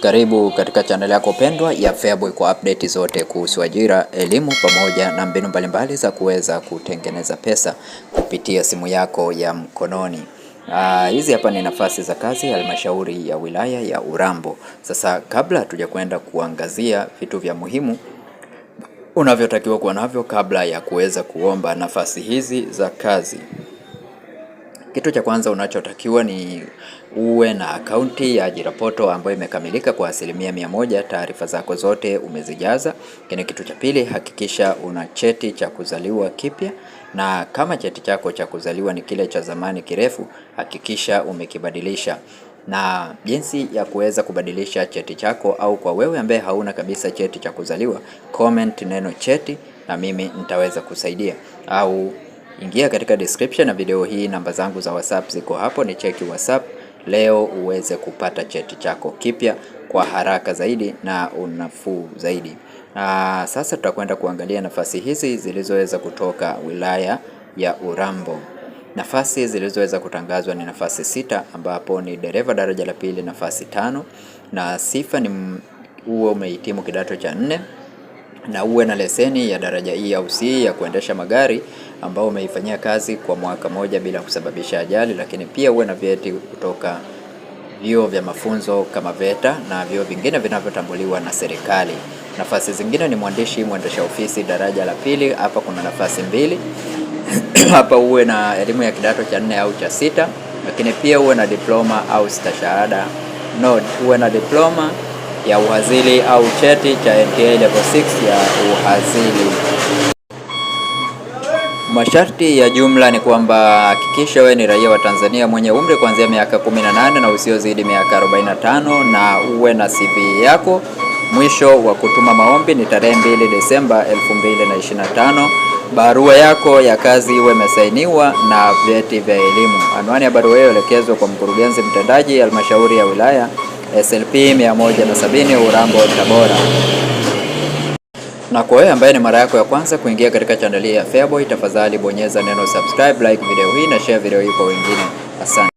Karibu katika channel yako pendwa ya Feaboy kwa update zote kuhusu ajira, elimu pamoja na mbinu mbalimbali za kuweza kutengeneza pesa kupitia simu yako ya mkononi. Ah, hizi hapa ni nafasi za kazi halmashauri ya wilaya ya Urambo. Sasa kabla tuja kwenda kuangazia vitu vya muhimu unavyotakiwa kuwa navyo kabla ya kuweza kuomba nafasi hizi za kazi kitu cha kwanza unachotakiwa ni uwe na akaunti ya ajira poto ambayo imekamilika kwa asilimia mia moja. Taarifa zako zote umezijaza. Lakini kitu cha pili, hakikisha una cheti cha kuzaliwa kipya, na kama cheti chako cha kuzaliwa ni kile cha zamani kirefu, hakikisha umekibadilisha na jinsi ya kuweza kubadilisha cheti chako, au kwa wewe ambaye hauna kabisa cheti cha kuzaliwa, comment neno cheti na mimi nitaweza kusaidia au Ingia katika description na video hii, namba zangu za WhatsApp ziko hapo, ni cheki WhatsApp leo uweze kupata cheti chako kipya kwa haraka zaidi na unafuu zaidi. Aa, sasa tutakwenda kuangalia nafasi hizi zilizoweza kutoka wilaya ya Urambo. Nafasi zilizoweza kutangazwa ni nafasi sita, ambapo ni dereva daraja la pili nafasi tano, na sifa ni huo umehitimu kidato cha nne na uwe na leseni ya daraja E au C ya kuendesha magari ambao umeifanyia kazi kwa mwaka moja bila kusababisha ajali, lakini pia uwe na vyeti kutoka vyuo vya mafunzo kama VETA na vyuo vingine vinavyotambuliwa na serikali. Nafasi zingine ni mwandishi, mwendesha ofisi daraja la pili. Hapa kuna nafasi mbili hapa uwe na elimu ya kidato cha nne au cha sita, lakini pia uwe na diploma au stashahada no, uwe na diploma ya uhazili au cheti cha NTA level 6 ya uhazili. Masharti ya jumla ni kwamba hakikisha wewe ni raia wa Tanzania mwenye umri kuanzia miaka 18 na usiozidi miaka 45 na uwe na CV yako. Mwisho wa kutuma maombi ni tarehe 2 Desemba 2025. Barua yako ya kazi iwe imesainiwa na vyeti vya elimu. Anwani ya barua hiyo elekezwe kwa mkurugenzi mtendaji halmashauri ya wilaya SLP 170 Urambo, Tabora. Na kwa wewe ambaye ni mara yako ya kwanza kuingia katika chaneli ya Feaboy, tafadhali bonyeza neno subscribe, like video hii na share video hii kwa wengine. Asante.